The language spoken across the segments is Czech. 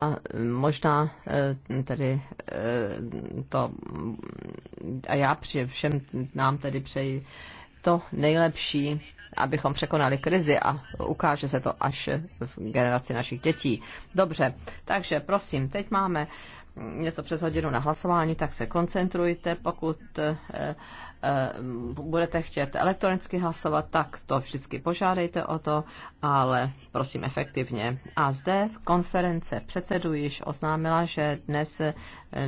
a e, možná e, tedy e, to, a já při všem nám tedy přeji to nejlepší, abychom překonali krizi a ukáže se to až v generaci našich dětí. Dobře, takže prosím, teď máme něco přes hodinu na hlasování, tak se koncentrujte. Pokud eh, eh, budete chtět elektronicky hlasovat, tak to vždycky požádejte o to, ale prosím efektivně. A zde konference předsedu již oznámila, že dnes eh,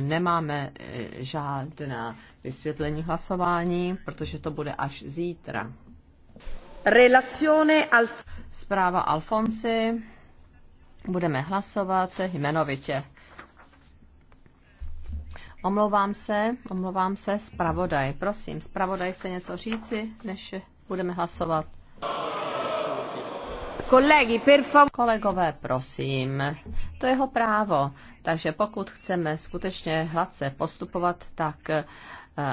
nemáme žádná vysvětlení hlasování, protože to bude až zítra. Relazione Alf- Zpráva Alfonsi. Budeme hlasovat jmenovitě. Omlouvám se, omlouvám se, zpravodaj. Prosím, zpravodaj chce něco říci, než budeme hlasovat. Kolegy, per Kolegové, prosím, to je jeho právo. Takže pokud chceme skutečně hladce postupovat, tak eh,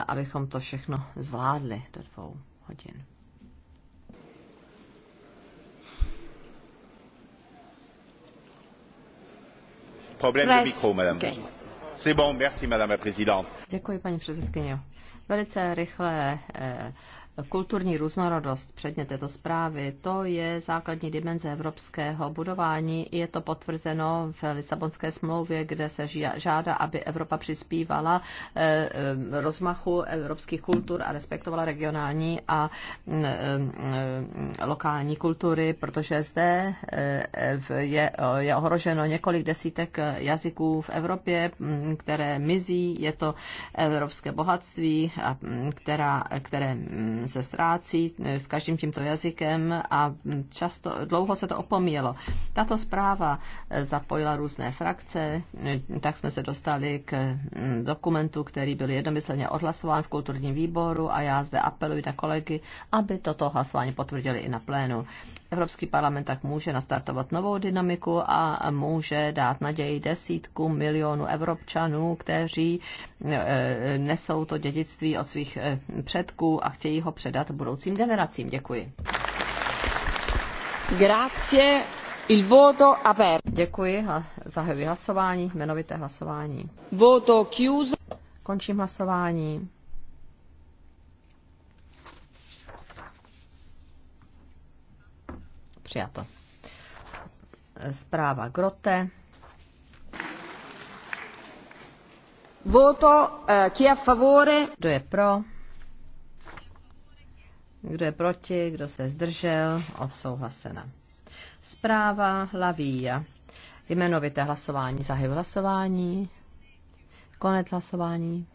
abychom to všechno zvládli do dvou hodin. Problém mikro, Okay. Děkuji, paní předsedkyně. Velice rychlé eh, Kulturní různorodost předně této zprávy, to je základní dimenze evropského budování. Je to potvrzeno v Lisabonské smlouvě, kde se žádá, aby Evropa přispívala eh, eh, rozmachu evropských kultur a respektovala regionální a mm, eh, mm, lokální kultury, protože zde je, je ohroženo několik desítek jazyků v Evropě, mm, které mizí. Je to evropské bohatství, která, které se ztrácí eh, s každým tímto jazykem a často, dlouho se to opomíjelo. Tato zpráva eh, zapojila různé frakce, eh, tak jsme se dostali k mm, dokumentu, který byl jednomyslně odhlasován v kulturním výboru a já zde apeluji na kolegy, aby toto hlasování potvrdili i na plénu. Evropský parlament tak může nastartovat novou dynamiku a může dát naději desítku milionů evropčanů, kteří e, e, nesou to dědictví od svých e, předků a chtějí ho předat budoucím generacím. Děkuji. Grazie. Il voto aperto. Děkuji a zahajuji hlasování, jmenovité hlasování. Voto chiuso. Končím hlasování. Přijato. Zpráva Grote. Voto eh, chi a favore. Kdo je pro? Kdo je proti? Kdo se zdržel? Odsouhlasena. Zpráva Lavia. Jmenovité hlasování. Zahajuji hlasování. Konec hlasování.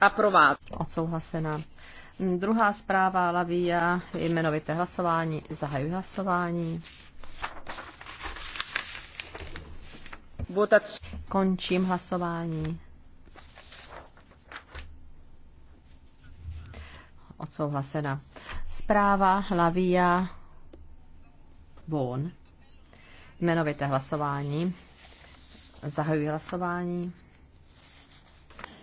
Aprovat. Odsouhlasena. Druhá zpráva Lavia, jmenovité hlasování, zahajuji hlasování. Končím hlasování. Odsouhlasena. Zpráva Lavia Bon. Jmenovité hlasování. Zahajuji hlasování.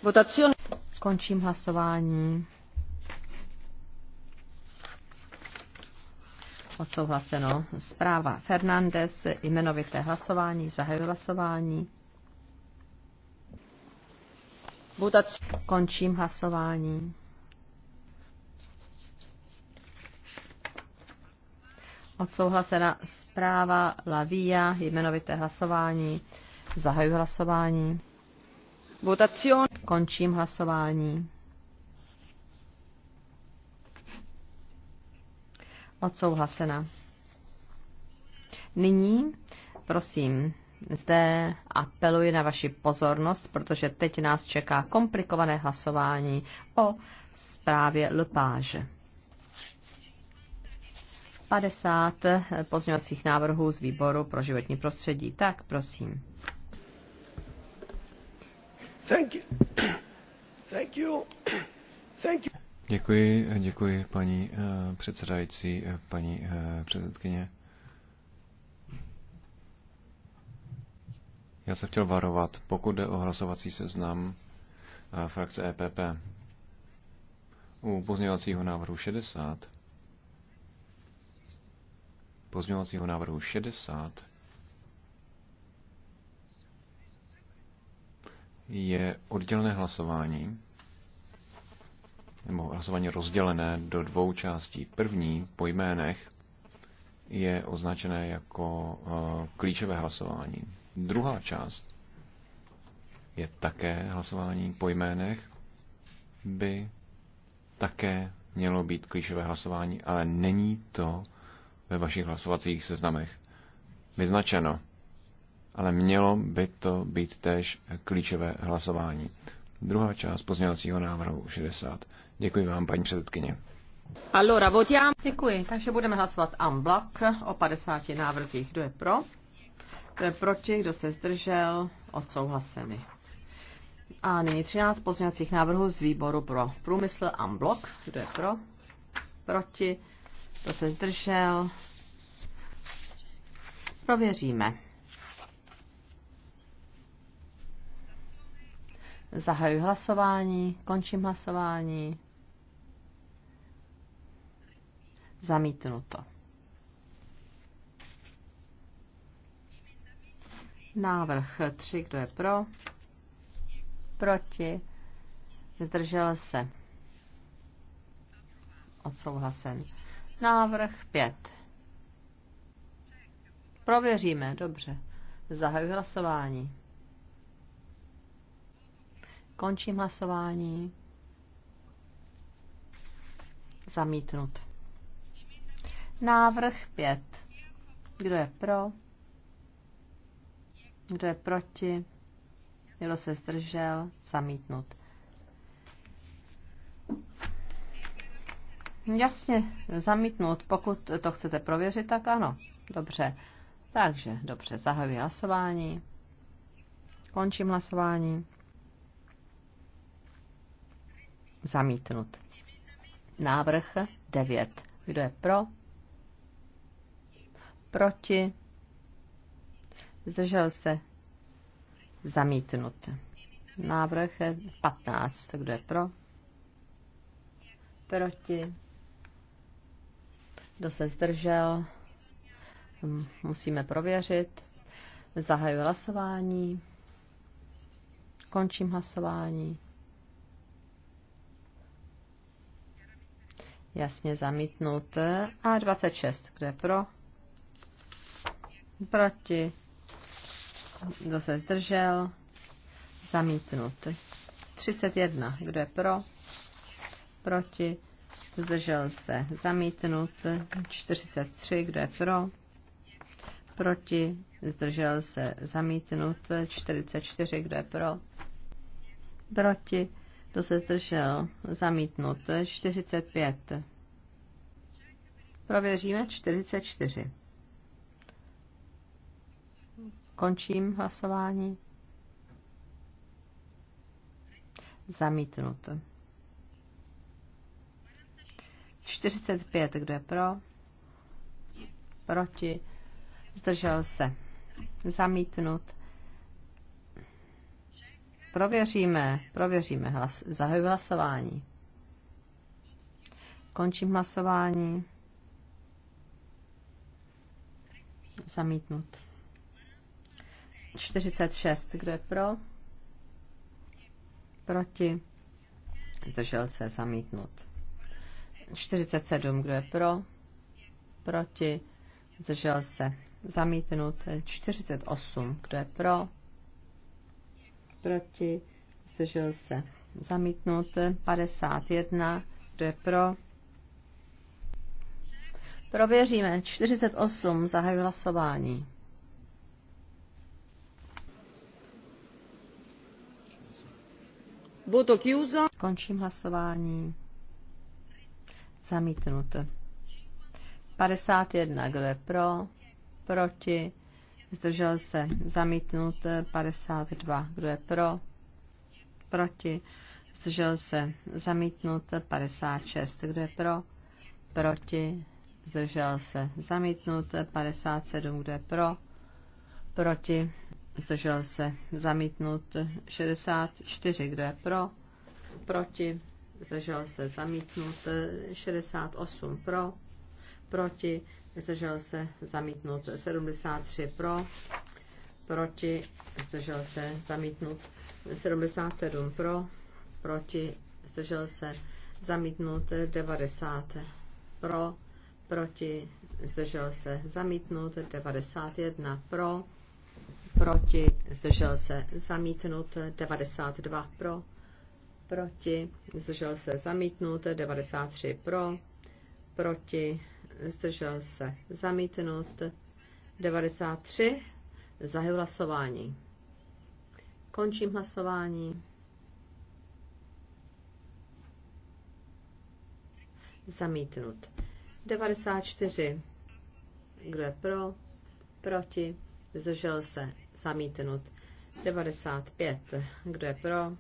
Votazione. Končím hlasování. Odsouhlaseno. Zpráva Fernandez, jmenovité hlasování, zahajuji hlasování. Končím hlasování. Odsouhlasena zpráva Lavia, jmenovité hlasování. Zahajuji hlasování. Votazione. Končím hlasování. odsouhlasena. Nyní, prosím, zde apeluji na vaši pozornost, protože teď nás čeká komplikované hlasování o zprávě Lepage. 50 pozměňovacích návrhů z výboru pro životní prostředí. Tak, prosím. Thank you. Thank you. Thank you. Děkuji, děkuji paní eh, předsedající, eh, paní eh, předsedkyně. Já se chtěl varovat, pokud jde o hlasovací seznam frakce EPP. U pozměňovacího návrhu 60 pozměňovacího návrhu 60 je oddělené hlasování nebo hlasování rozdělené do dvou částí. První po jménech je označené jako eh, klíčové hlasování. Druhá část je také hlasování po jménech, by také mělo být klíčové hlasování, ale není to ve vašich hlasovacích seznamech vyznačeno. Ale mělo by to být též klíčové hlasování. Druhá část pozměňovacího návrhu 60. Děkuji vám, paní předsedkyně. Allora, votiamo. Děkuji, takže budeme hlasovat en o 50 návrzích. Kdo je pro? Kdo je proti? Kdo se zdržel? Odsouhlaseny. A nyní 13 pozměňovacích návrhů z výboru pro průmysl en Kdo je pro? Proti? Kdo se zdržel? Prověříme. Zahajuji hlasování, končím hlasování. Zamítnuto. Návrh 3, kdo je pro? Proti? Zdržel se. Odsouhlasen. Návrh 5. Prověříme, dobře. Zahajuji hlasování. Končím hlasování. Zamítnut. Návrh 5. Kdo je pro? Kdo je proti? Kdo se zdržel? Zamítnut. Jasně, zamítnut. Pokud to chcete prověřit, tak ano. Dobře. Takže, dobře, zahajuji hlasování. Končím hlasování. Zamítnut. Návrh 9. Kdo je pro? proti, zdržel se, zamítnut. Návrh 15, kdo je pro, proti, kdo se zdržel, musíme prověřit. Zahajuji hlasování, končím hlasování. Jasně zamítnut. A 26, kdo je pro? proti, kdo se zdržel, zamítnut. 31, kdo je pro, proti, zdržel se, zamítnut. 43, kdo je pro, proti, zdržel se, zamítnut. 44, kdo je pro, proti, kdo se zdržel, zamítnut. 45. Prověříme 44. Končím hlasování. Zamítnut. 45, kdo je pro? Proti? Zdržel se. Zamítnut. Prověříme, prověříme. Hlas, zahajuji hlasování. Končím hlasování. Zamítnut. 46. Kdo je pro? Proti? Zdržel se zamítnut. 47. Kdo je pro? Proti? Zdržel se zamítnut. 48. Kdo je pro? Proti? Zdržel se zamítnut. 51. Kdo je pro? Prověříme. 48. Zahajuji hlasování. Voto chiuso. Končím hlasování. Zamítnut. 51. Kdo je pro? Proti? Zdržel se. Zamítnut. 52. Kdo je pro? Proti? Zdržel se. Zamítnut. 56. Kdo je pro? Proti? Zdržel se. Zamítnut. 57. Kdo je pro? Proti? zdržel se zamítnut 64, kdo je pro, proti, zdržel se zamítnut 68 pro, proti, zdržel se zamítnut 73 pro, proti, zdržel se zamítnut 77 pro, proti, zdržel se zamítnut 90 pro, proti, zdržel se zamítnut 91 pro, proti, zdržel se zamítnut, 92 pro, proti, zdržel se zamítnut, 93 pro, proti, zdržel se zamítnut, 93, zahy hlasování. Končím hlasování. Zamítnut. 94. Kdo je pro? Proti? Zdržel se zamítnut. 95, kdo je pro,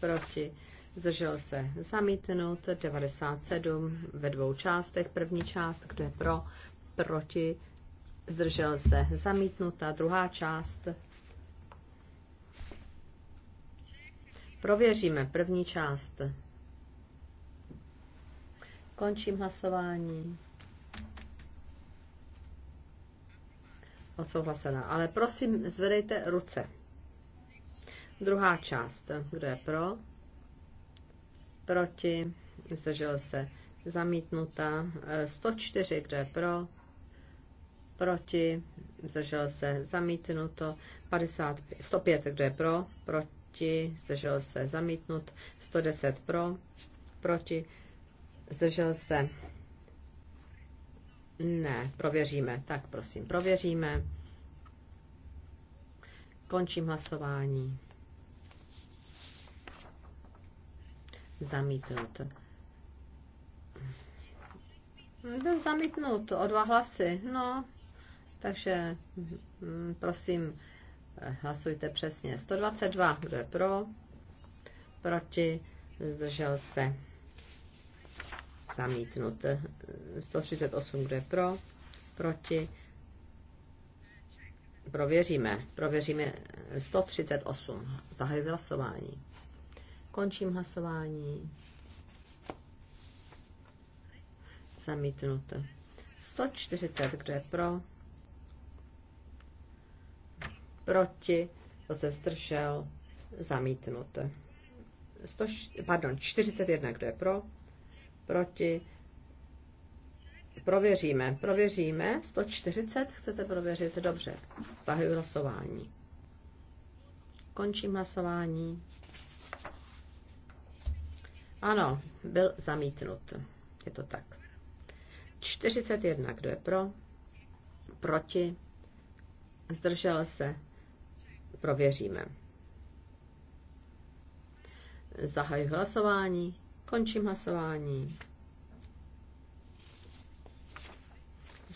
proti, zdržel se zamítnut. 97 ve dvou částech, první část, kdo je pro, proti, zdržel se zamítnuta. Druhá část, prověříme první část. Končím hlasování. Odsouhlasená. Ale prosím, zvedejte ruce. Druhá část. Kdo je pro? Proti? Zdržel se. Zamítnuta. 104. E, Kdo je pro? Proti? Zdržel se. Zamítnuto. 55. 105. Kdo je pro? Proti? Zdržel se. Zamítnut. 110. Pro? Proti? Zdržel se. Ne, prověříme. Tak prosím, prověříme. Končím hlasování. Zamítnout. Byl zamítnout o dva hlasy, no. Takže mm, prosím, hlasujte přesně. 122, kdo je pro, proti, zdržel se. Zamítnout. 138, kdo je pro, proti, prověříme, prověříme 138, zahajuji hlasování. Končím hlasování. Zamítnut. 140, kdo je pro? Proti, kdo se zdržel? Zamítnut. 100, pardon, 41, kdo je pro? Proti, prověříme. Prověříme. 140 chcete prověřit? Dobře. Zahajuji hlasování. Končím hlasování. Ano, byl zamítnut. Je to tak. 41. Kdo je pro? Proti? Zdržel se? Prověříme. Zahajuji hlasování. Končím hlasování.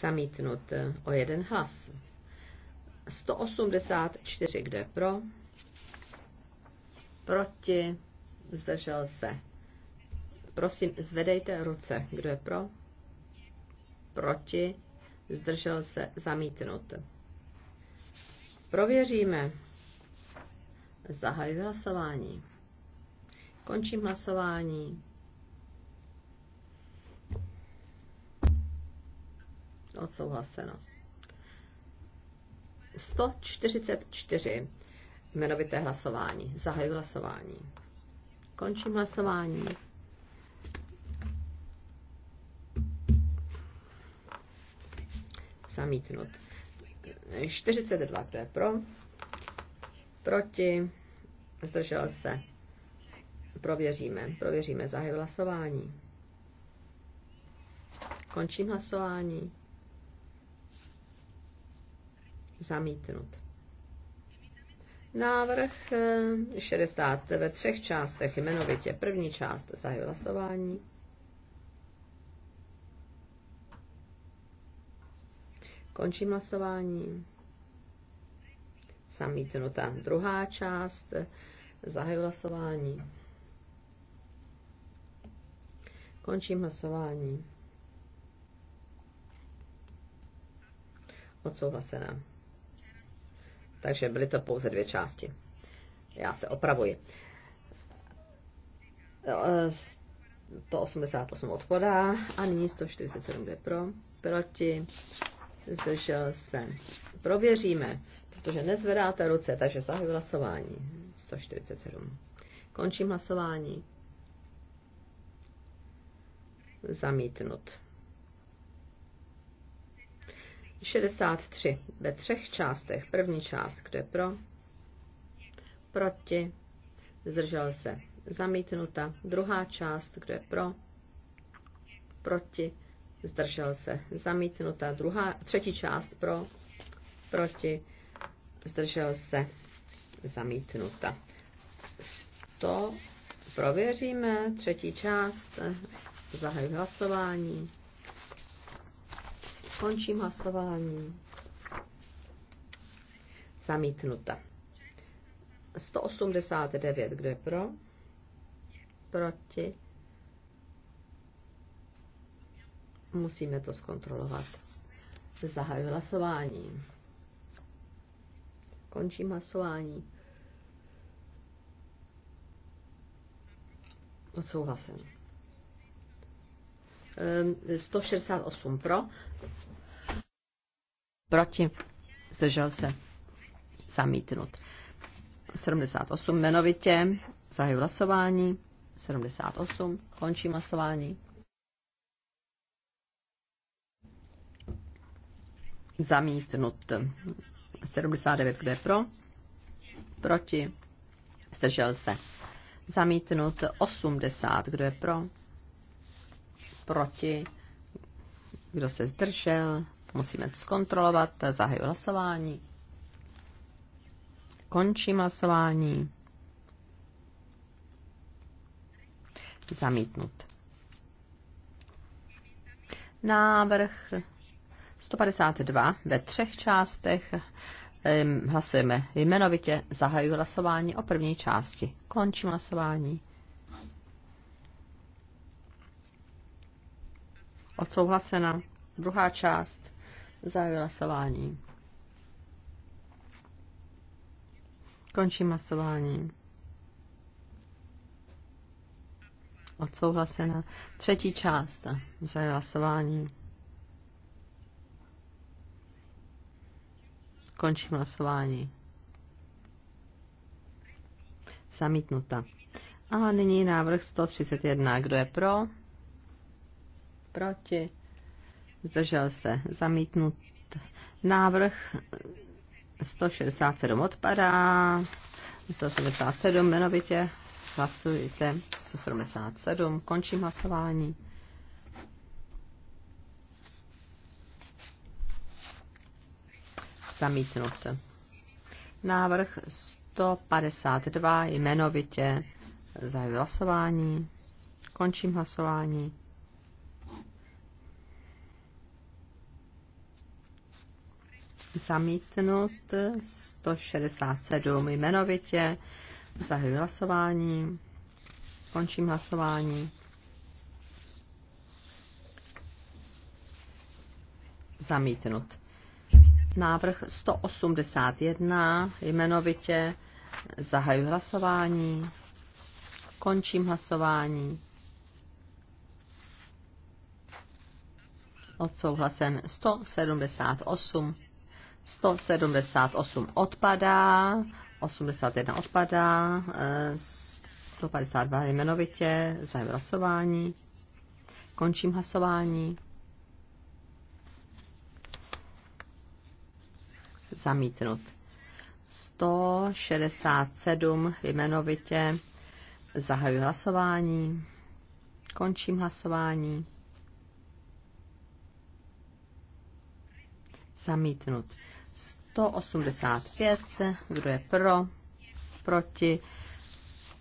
zamítnut eh, o jeden hlas. 184, kde pro, proti, zdržel se. Prosím, zvedejte ruce, kdo je pro, proti, zdržel se, zamítnut. Prověříme. Zahajuji hlasování. Končím hlasování. odsouhlaseno. 144 jmenovité hlasování. Zahajuji hlasování. Končím hlasování. Zamítnut. 42, kdo je pro? Proti? Zdržel se? Prověříme. Prověříme. Zahajuji hlasování. Končím hlasování zamítnut. Návrh eh, 60 ve třech částech, jmenovitě první část zahajuji hlasování. Končím hlasování. Zamítnuta druhá část. Zahajuji hlasování. Končím hlasování. Odsouhlasená. Takže byly to pouze dvě části. Já se opravuji. No, e, to 88 odpadá a nyní 147 bude pro, proti, zdržel se. Prověříme, protože nezvedáte ruce, takže zahajuji hlasování. 147. Končím hlasování. Zamítnut. 63 ve třech částech. První část, kdo je pro, proti, zdržel se, zamítnuta. Druhá část, kdo je pro, proti, zdržel se, zamítnuta. Druhá, třetí část pro, proti, zdržel se, zamítnuta. to prověříme, třetí část, zahajuji hlasování. Končím hlasování. Zamítnuta. 189, kdo je pro? Proti? Musíme to zkontrolovat. Zahajuji hlasování. Končím hlasování. Odsouhlasen. 168 ehm, pro, Proti. Zdržel se. Zamítnut. 78 jmenovitě. zahaju hlasování. 78. končí hlasování. Zamítnut. 79, kde je pro? Proti. Zdržel se. Zamítnut 80, kdo je pro? Proti. Kdo se zdržel? Musíme zkontrolovat, zahajuji hlasování. Končím hlasování. Zamítnut. Návrh 152 ve třech částech. Hlasujeme jmenovitě. Zahajuji hlasování o první části. Končím hlasování. Odsouhlasena. Druhá část. Zahajuji hlasování. Končím hlasování. Odsouhlasena. Třetí část. Zahajuji hlasování. Končím hlasování. Zamítnuta. A nyní návrh 131. Kdo je pro? Proti? zdržel se zamítnut návrh 167 odpadá, 177 jmenovitě, hlasujte, 177, končím hlasování. Zamítnut. Návrh 152 jmenovitě zahajuji hlasování, končím hlasování. zamítnut 167 jmenovitě. Zahajuji hlasování. Končím hlasování. Zamítnut. Návrh 181 jmenovitě. Zahajuji hlasování. Končím hlasování. Odsouhlasen 178 178 odpadá, 81 odpadá, 152 jmenovitě, zájem hlasování, končím hlasování. Zamítnut. 167 jmenovitě, zahajuji hlasování, končím hlasování. Zamítnut. 185, kdo je pro, proti,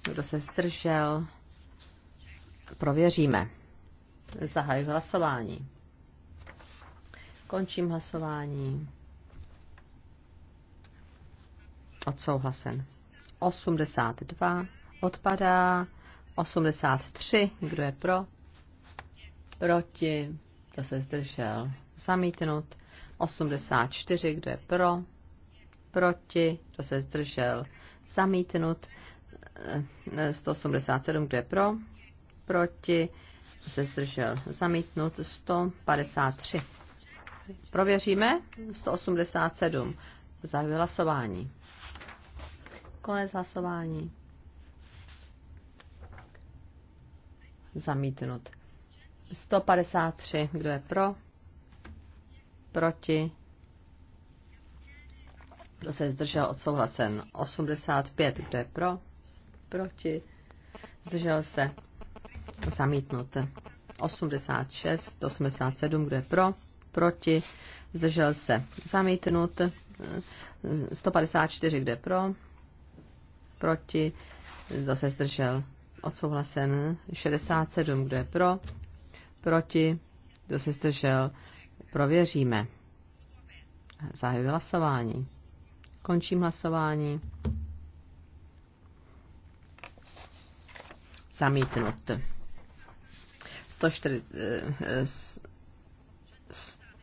kdo se zdržel, prověříme. Zahajuji hlasování. Končím hlasování. Odsouhlasen. 82 odpadá. 83, kdo je pro? Proti, kdo se zdržel, zamítnut. 84, kdo je pro, proti, kdo se zdržel, zamítnut. 187, kdo je pro, proti, kdo se zdržel, zamítnut. 153. Prověříme 187. Zahajuji hlasování. Konec hlasování. Zamítnut. 153. Kdo je pro? proti, kdo se zdržel odsouhlasen 85, kdo je pro, proti, zdržel se zamítnut 86, 87, kdo je pro, proti, zdržel se zamítnut 154, kdo je pro, proti, kdo se zdržel odsouhlasen 67, kdo je pro, proti, kdo se zdržel Prověříme. Zahajuji hlasování. Končím hlasování. Zamítnut. 104, eh,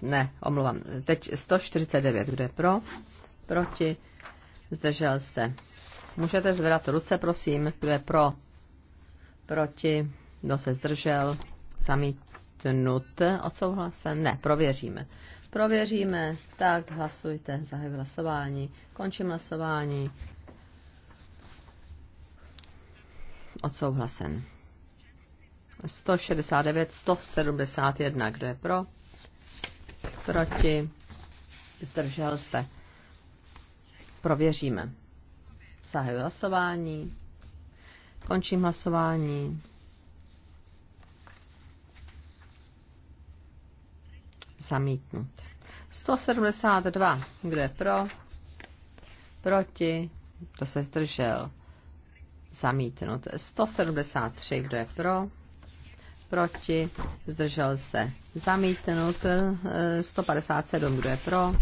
ne, omlouvám. Teď 149. Kdo je pro? Proti? Zdržel se. Můžete zvedat ruce, prosím. Kdo je pro? Proti? Kdo se zdržel? Zamít, zamítnut, odsouhlasen, ne, prověříme. Prověříme, tak hlasujte, zahajuji hlasování, končím hlasování, odsouhlasen. 169, 171, kdo je pro? Proti? Zdržel se. Prověříme. Zahajuji hlasování. Končím hlasování. zamítnut. 172, kdo je pro, proti, kdo se zdržel, zamítnut. 173, kdo je pro, proti, zdržel se, zamítnut. 157, kdo je pro,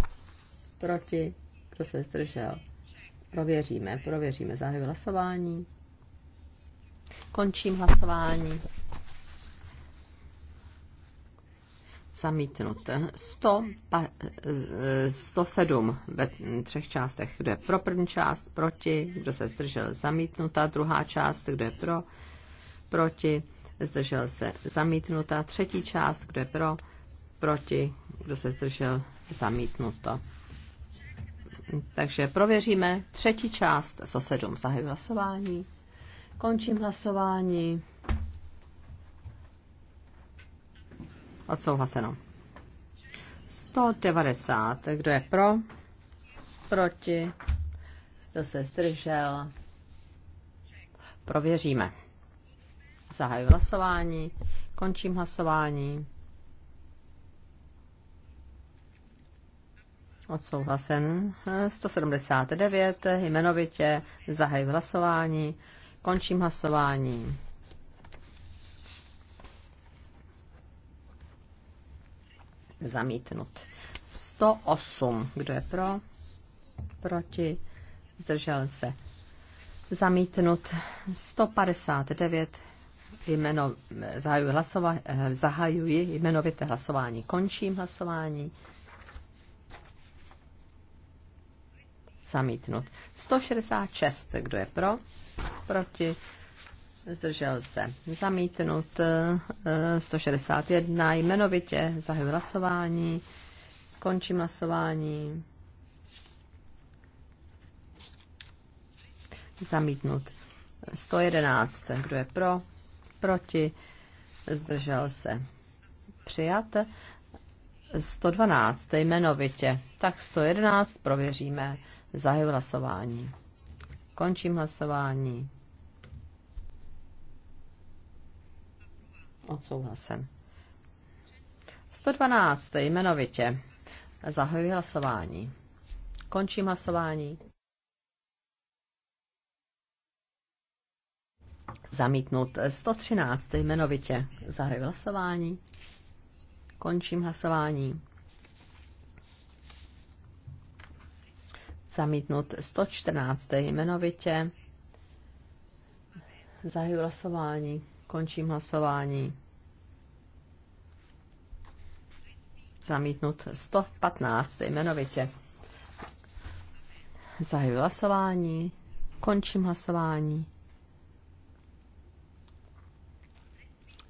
proti, kdo se zdržel. Prověříme, prověříme, zahajuji hlasování. Končím hlasování. zamítnut. 100, pa, 107 ve třech částech. Kdo je pro první část, proti, kdo se zdržel, zamítnutá. Druhá část, kdo je pro, proti, zdržel se, zamítnutá. Třetí část, kdo je pro, proti, kdo se zdržel, zamítnuto. Takže prověříme třetí část 107. Zahajuji hlasování. Končím hlasování. Odsouhlaseno. 190. Kdo je pro? Proti? Kdo se zdržel? Prověříme. Zahajuji hlasování. Končím hlasování. Odsouhlasen 179, jmenovitě zahajuji hlasování, končím hlasování. zamítnut. 108. Kdo je pro? Proti? Zdržel se. Zamítnut. 159. Jmeno, zahajuji, hlasova, zahajuji jmenovité hlasování. Končím hlasování. Zamítnut. 166. Kdo je pro? Proti? zdržel se. Zamítnut 161, eh, jmenovitě zahajuji hlasování, končím hlasování. Zamítnut 111, kdo je pro, proti, zdržel se. Přijat 112, jmenovitě. Tak 111 prověříme, zahajuji hlasování. Končím hlasování. Odsouhlasen. 112. Jmenovitě. Zahajuji hlasování. Končím hlasování. Zamítnut 113. Jmenovitě. Zahajuji hlasování. Končím hlasování. Zamítnut 114. Jmenovitě. Zahajuji hlasování. Končím hlasování. Zamítnut 115 jmenovitě. Zahajuji hlasování. Končím hlasování.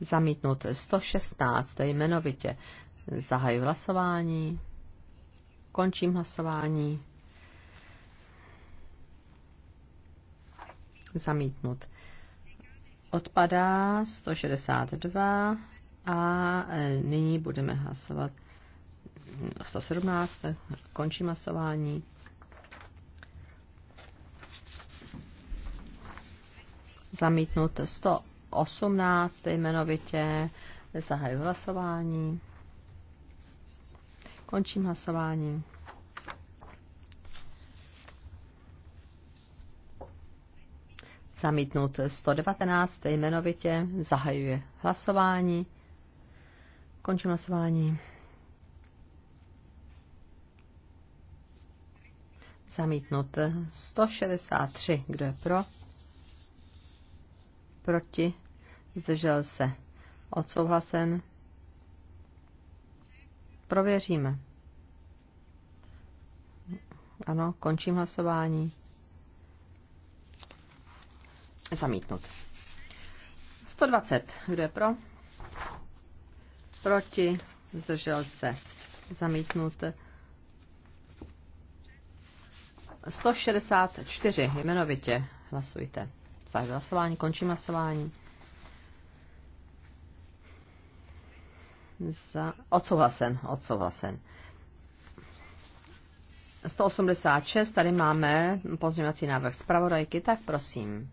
Zamítnut 116 jmenovitě. Zahajuji hlasování. Končím hlasování. Zamítnut odpadá 162 a e, nyní budeme hlasovat 117, končí hlasování. Zamítnut 118 jmenovitě, zahajuji hlasování. Končím hlasování. Zamítnut 119 jmenovitě. Zahajuje hlasování. Končím hlasování. Zamítnut 163. Kdo je pro? Proti? Zdržel se. Odsouhlasen. Prověříme. Ano, končím hlasování. Zamítnut. 120. Kdo je pro? Proti. Zdržel se. Zamítnut. 164. Jmenovitě. Hlasujte. Zahajuji hlasování. Končím hlasování. Za... Odsouhlasen. Odsouhlasen. 186, tady máme pozměňovací návrh zpravodajky, tak prosím.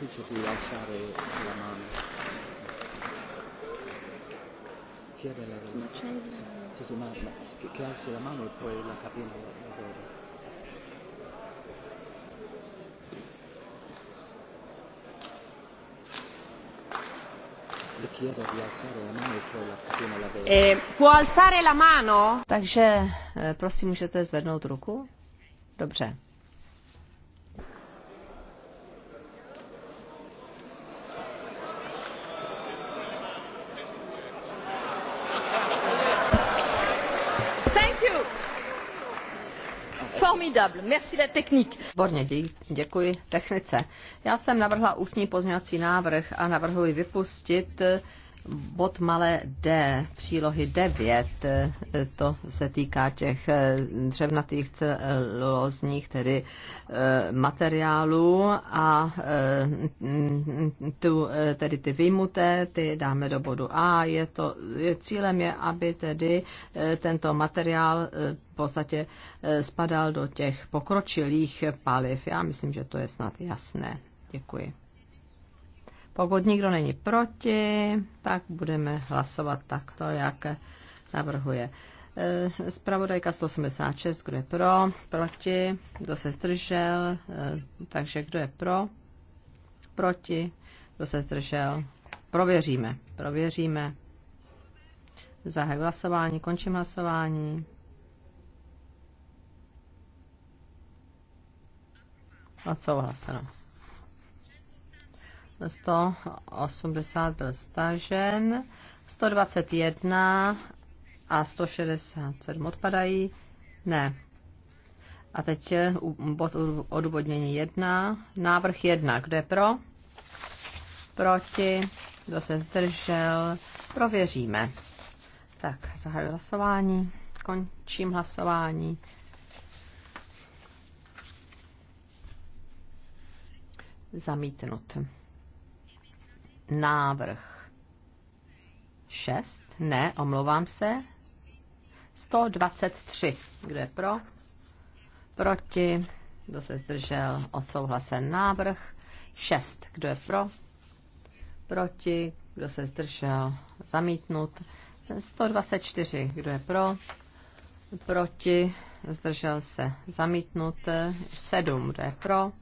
l'ufficio di alzare la mano. Chiede la sì, sì, ma, ma, che, che alzi la mano e poi la Le chiedo di alzare la mano e poi la Eh, può alzare la mano? Takže eh, prosím, můžete zvednout ruku? Dobře. formidable. Merci la technique. Borně, děkuji technice. Já jsem navrhla ústní pozměňovací návrh a navrhuji vypustit Bod malé D, přílohy 9, to se týká těch eh, dřevnatých celozních tedy eh, materiálů a eh, tu, tedy ty vyjmuté, ty dáme do bodu A. Je to, je, cílem je, aby tedy tento materiál v podstatě spadal do těch pokročilých paliv. Já myslím, že to je snad jasné. Děkuji. Pokud nikdo není proti, tak budeme hlasovat takto, jak navrhuje. Spravodajka eh, 186, kdo je pro, proti, kdo se zdržel, eh, takže kdo je pro, proti, kdo se zdržel, prověříme, prověříme. Zahajuji hlasování, končím hlasování. Odsouhlaseno. 180 byl stažen, 121 a 167 odpadají, ne. A teď je bod odůvodnění 1, návrh 1, kde pro, proti, kdo se zdržel, prověříme. Tak, zahajuji hlasování, končím hlasování. Zamítnut návrh šest, ne, omlouvám se, 123, kdo je pro, proti, kdo se zdržel, odsouhlasen návrh šest. kdo je pro, proti, kdo se zdržel, zamítnut, 124, kdo je pro, proti, zdržel se, zamítnut, Sedm. kdo je pro,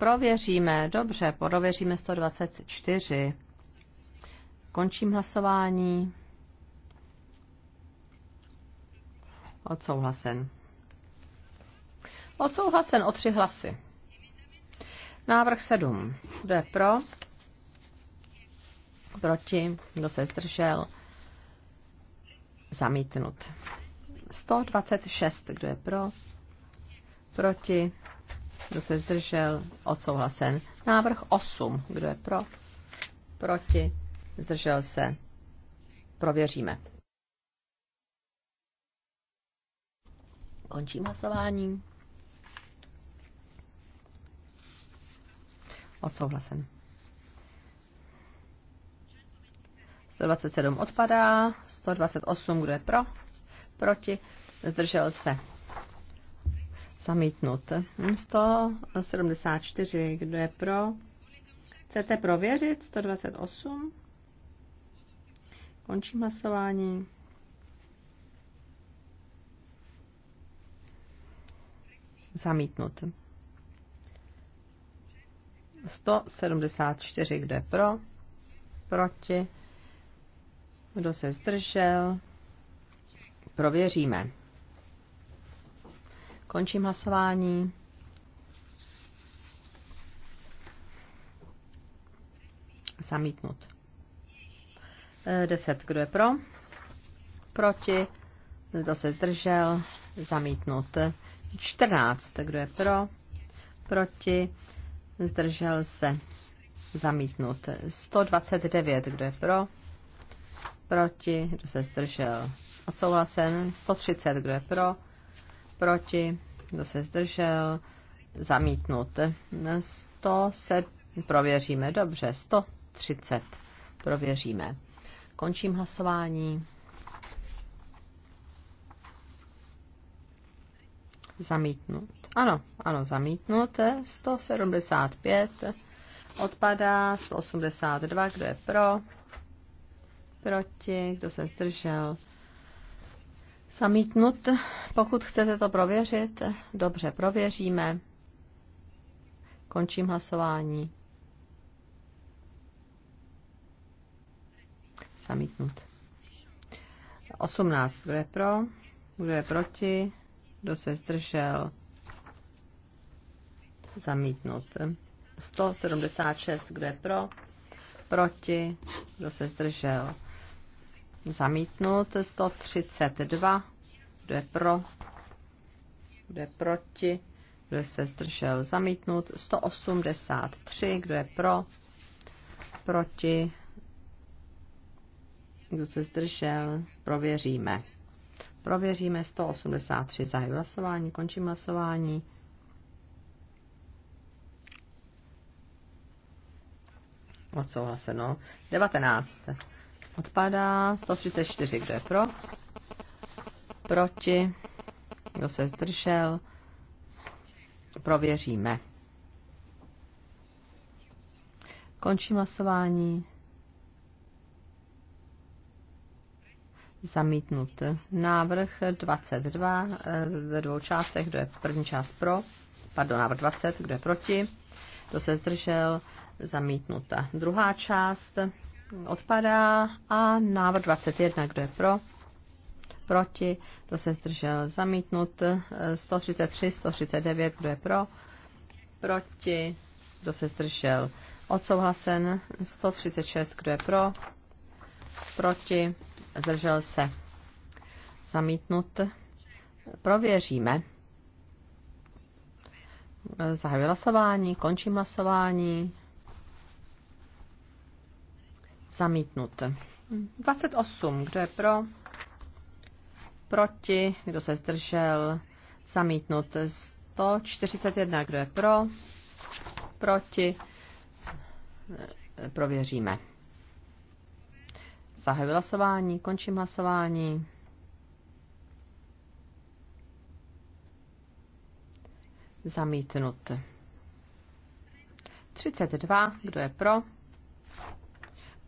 Prověříme, dobře, prověříme 124. Končím hlasování. Odsouhlasen. Odsouhlasen o tři hlasy. Návrh 7. Kdo je pro? Proti? Kdo se zdržel? Zamítnut. 126. Kdo je pro? Proti? Kdo se zdržel? Odsouhlasen. Návrh 8. Kdo je pro? Proti? Zdržel se? Prověříme. Končím hlasování. Odsouhlasen. 127 odpadá, 128, kdo je pro, proti, zdržel se, Zamítnut. 174. Kdo je pro? Chcete prověřit? 128. Končím hlasování. Zamítnut. 174. Kdo je pro? Proti? Kdo se zdržel? Prověříme. Končím hlasování. Zamítnut. 10. Eh, kdo je pro? Proti? Kdo se zdržel? Zamítnut. 14. Kdo je pro? Proti? Zdržel se. Zamítnut. 129. Kdo je pro? Proti? Kdo se zdržel? Odsouhlasen. 130. Kdo je pro? proti, kdo se zdržel, zamítnut. se prověříme, dobře, 130, prověříme. Končím hlasování. Zamítnut. Ano, ano, zamítnut. 175 odpadá, 182, kdo je pro, proti, kdo se zdržel, Zamítnut. Pokud chcete to prověřit, dobře, prověříme. Končím hlasování. Zamítnut. 18. Kdo je pro? Kdo je proti? Kdo se zdržel? Zamítnut. 176. Kdo je pro? Proti? Kdo se zdržel? Zamítnut 132. Kdo je pro? Kdo je proti? Kdo se zdržel? Zamítnut 183. Kdo je pro? Proti? Kdo se zdržel? Prověříme. Prověříme 183. Zahajuji hlasování. Končím hlasování. Odsouhlaseno. 19 odpadá. 134, kdo je pro? Proti? Kdo se zdržel? Prověříme. Končím hlasování. Zamítnut návrh 22 eh, ve dvou částech, kdo je první část pro, pardon, návrh 20, kdo je proti, kdo se zdržel, zamítnuta. Druhá část odpadá a návrh 21, kdo je pro, proti, kdo se zdržel zamítnut, 133, 139, kdo je pro, proti, kdo se zdržel odsouhlasen, 136, kdo je pro, proti, zdržel se zamítnut, prověříme. Zahajuji hlasování, končím hlasování. Zamítnut. 28. Kdo je pro? Proti. Kdo se zdržel? Zamítnut. 141. Kdo je pro? Proti. Prověříme. Zahajuji hlasování, končím hlasování. Zamítnut. 32. Kdo je pro?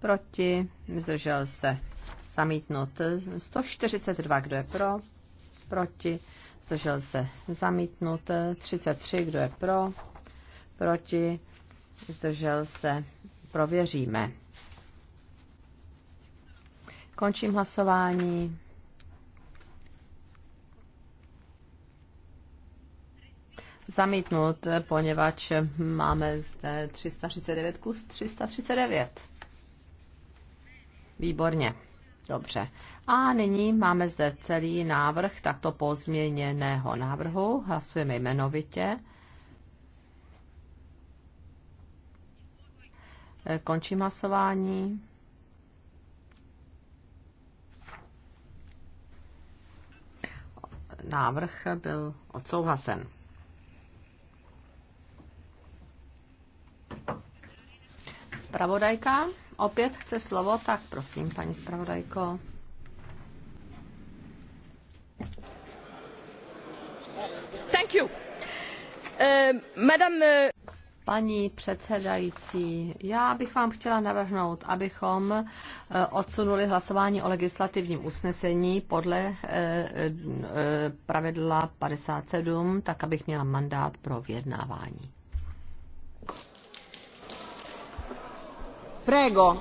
proti, zdržel se zamítnut 142, kdo je pro, proti, zdržel se zamítnut 33, kdo je pro, proti, zdržel se, prověříme. Končím hlasování. Zamítnut, poněvadž máme zde 339 kus 339. Výborně. Dobře. A nyní máme zde celý návrh takto pozměněného návrhu. Hlasujeme jmenovitě. Eh, končím hlasování. Návrh byl odsouhlasen. Spravodajka opět chce slovo, tak prosím, paní zpravodajko. Thank you. Uh, madam, uh... Paní předsedající, já bych vám chtěla navrhnout, abychom eh, odsunuli hlasování o legislativním usnesení podle pravidla 57, tak abych měla mandát pro vyjednávání. Prego.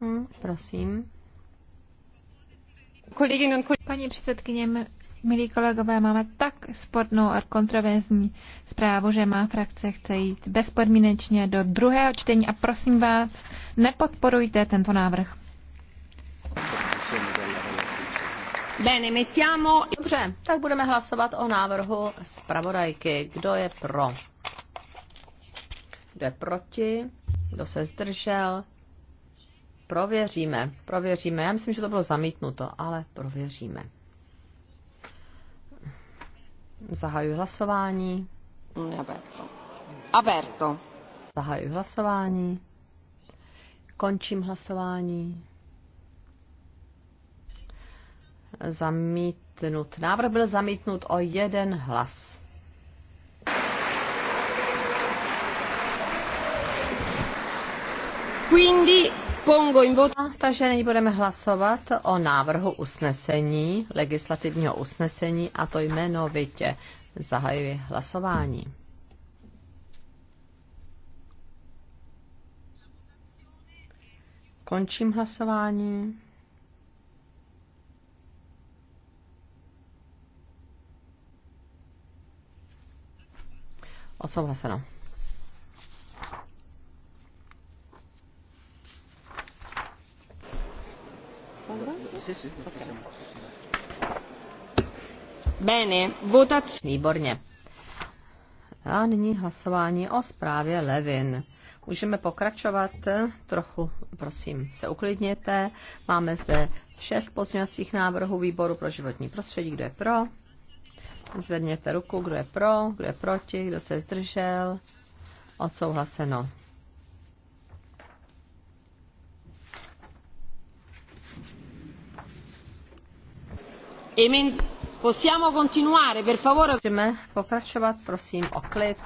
Hmm, prosím. Paní předsedkyně, milí kolegové, máme tak spornou a kontroverzní zprávu, že má frakce chce jít bezpodmínečně do druhého čtení a prosím vás, nepodporujte tento návrh. Dobře, tak budeme hlasovat o návrhu zpravodajky. Kdo je pro? Kdo je proti? Kdo se zdržel? Prověříme, prověříme. Já myslím, že to bylo zamítnuto, ale prověříme. Zahajuji hlasování. Aberto. Aberto. Zahajuji hlasování. Končím hlasování. Zamítnut. Návrh byl zamítnut o jeden hlas. Takže nyní budeme hlasovat o návrhu usnesení, legislativního usnesení, a to jmenovitě. zahajuje hlasování. Končím hlasování. Odsouhlaseno. Bene, Výborně. A nyní hlasování o zprávě Levin. Můžeme pokračovat, trochu, prosím, se uklidněte. Máme zde šest pozměňovacích návrhů výboru pro životní prostředí. Kdo je pro? Zvedněte ruku, kdo je pro, kdo je proti, kdo se zdržel. Odsouhlaseno. Můžeme pokračovat, prosím o klid.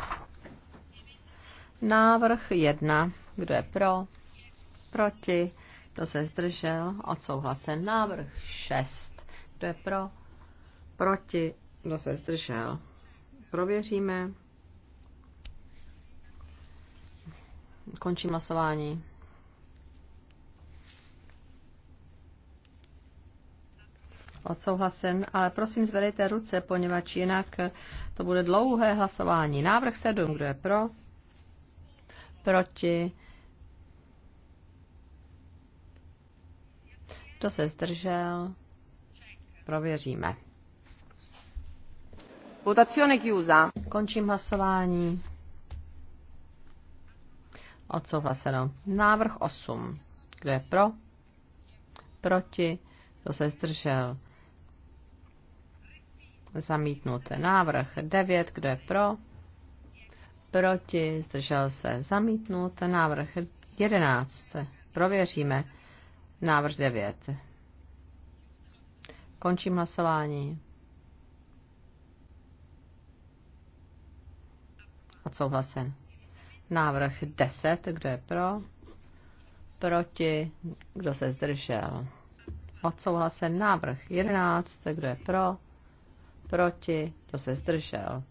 Návrh jedna, Kdo je pro? Proti? Kdo se zdržel? Odsouhlasen návrh šest, Kdo je pro? Proti? Kdo se zdržel? Prověříme. Končím hlasování. odsouhlasen, ale prosím zvedejte ruce, poněvadž jinak to bude dlouhé hlasování. Návrh 7, kdo je pro? Proti? Kdo se zdržel? Prověříme. Votazione chiusa. Končím hlasování. Odsouhlaseno. Návrh 8. Kdo je pro? Proti? Kdo se zdržel? zamítnut. Návrh 9, kdo je pro? Proti, zdržel se, zamítnut. Návrh 11, prověříme. Návrh 9. Končím hlasování. Odsouhlasen. Návrh 10, kdo je pro? Proti, kdo se zdržel? Odsouhlasen návrh 11, kdo je pro? proti, kdo se zdržel.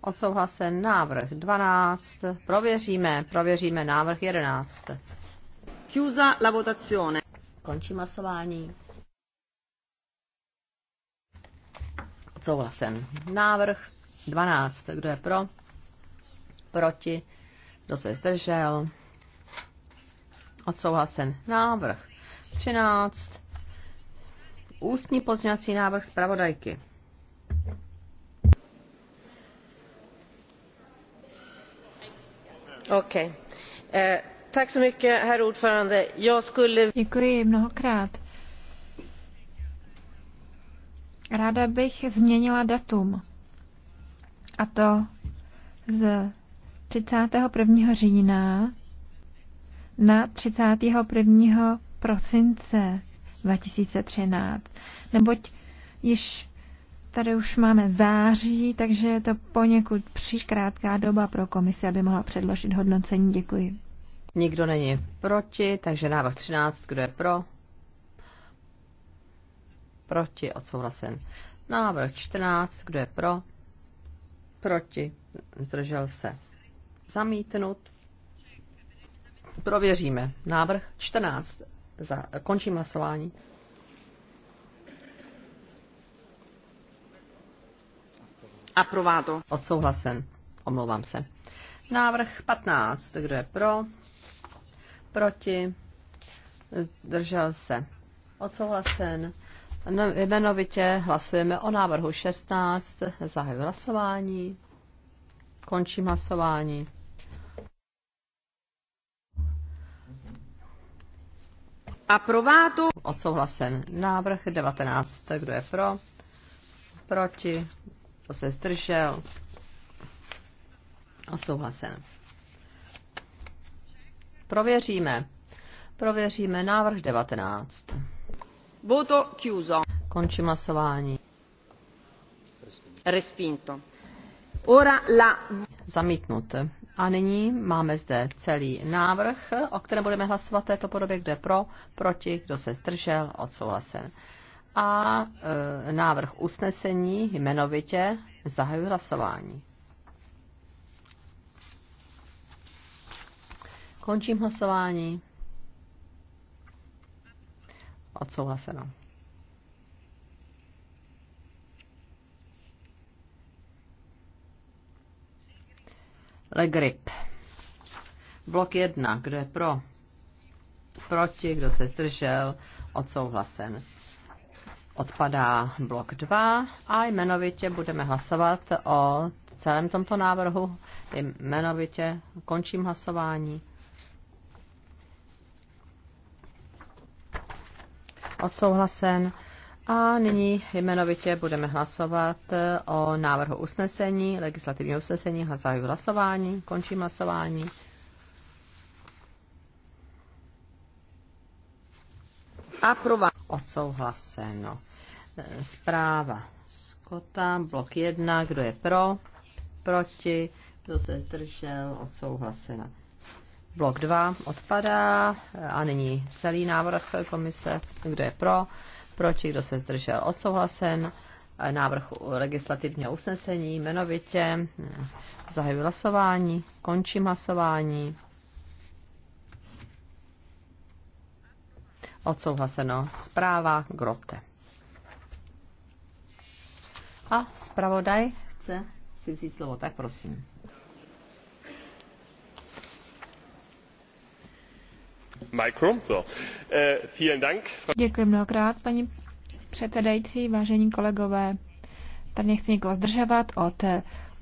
Odsouhlasen návrh 12. Prověříme, prověříme návrh 11. Chiusa la votazione. Končí hlasování. Odsouhlasen Návrh 12. Kdo je pro? Proti? Kdo se zdržel? Odsouhlasen. Návrh 13. Ústní pozměňovací návrh zpravodajky. Eh, Jag skulle... Děkuji Ráda bych změnila datum. A to z 31. října na 31. prosince 2013. Neboť již Tady už máme září, takže je to poněkud příliš doba pro komisi, aby mohla předložit hodnocení. Děkuji. Nikdo není proti, takže návrh 13, kdo je pro? Proti, odsouhlasen. Návrh 14, kdo je pro? Proti, zdržel se. Zamítnut. Prověříme. Návrh 14. Za, končím hlasování. Aprovato. Odsouhlasen. Omlouvám se. Návrh 15. Kdo je pro? Proti? Zdržel se. Odsouhlasen. No, jmenovitě hlasujeme o návrhu 16. Zahajuji hlasování. Končím hlasování. Aprovátu. Odsouhlasen návrh 19. Kdo je pro? Proti? kdo se zdržel, odsouhlasen. Prověříme. Prověříme návrh 19. Voto chiuso. Končím hlasování. Respinto. Ora la... Zamítnut. A nyní máme zde celý návrh, o kterém budeme hlasovat této podobě, kde pro, proti, kdo se zdržel, odsouhlasen a e, návrh usnesení jmenovitě zahajuji hlasování. Končím hlasování. Odsouhlaseno. Legrip. Blok 1. Kdo je pro? Proti. Kdo se zdržel? Odsouhlasen odpadá blok 2 a jmenovitě budeme hlasovat o celém tomto návrhu. Jmenovitě končím hlasování. Odsouhlasen. A nyní jmenovitě budeme hlasovat o návrhu usnesení, legislativního usnesení, hlasuji hlasování, končím hlasování. Aprova odsouhlaseno. Zpráva Skota, blok 1, kdo je pro, proti, kdo se zdržel, odsouhlaseno. Blok 2 odpadá a nyní celý návrh komise, kdo je pro, proti, kdo se zdržel, odsouhlasen. Návrh legislativního usnesení jmenovitě. Zahajuji hlasování, končím hlasování. Odsouhlaseno. Zpráva Grote. A zpravodaj chce si vzít slovo, tak prosím. Micro, so. Eh, vielen Dank. Děkuji mnohokrát, paní předsedající, vážení kolegové. Tady nechci někoho zdržovat od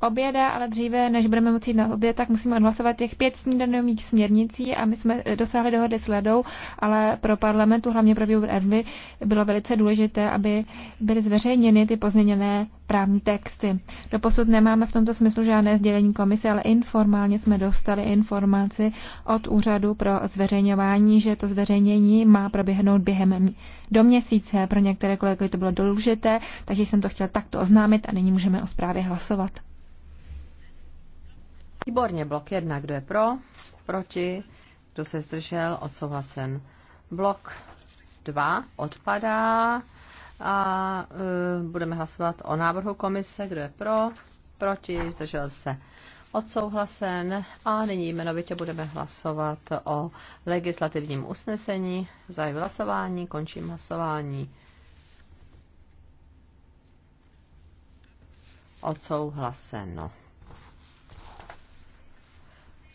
oběda, ale dříve, než budeme moci jít na oběd, tak musíme odhlasovat těch pět snídaných směrnicí a my jsme dosáhli dohody s Ledou, ale pro parlamentu, hlavně pro výbor Envy, bylo velice důležité, aby byly zveřejněny ty pozměněné právní texty. Doposud nemáme v tomto smyslu žádné sdělení komise, ale informálně jsme dostali informaci od úřadu pro zveřejňování, že to zveřejnění má proběhnout během do měsíce. Pro některé kolegy to bylo důležité, takže jsem to chtěl takto oznámit a nyní můžeme o zprávě hlasovat. Výborně, blok jedna. kdo je pro, proti, kdo se zdržel, odsouhlasen. Blok dva odpadá a e, budeme hlasovat o návrhu komise, kdo je pro, proti, zdržel se odsouhlasen a nyní jmenovitě budeme hlasovat o legislativním usnesení. Zahajuji hlasování, končím hlasování. Odsouhlaseno.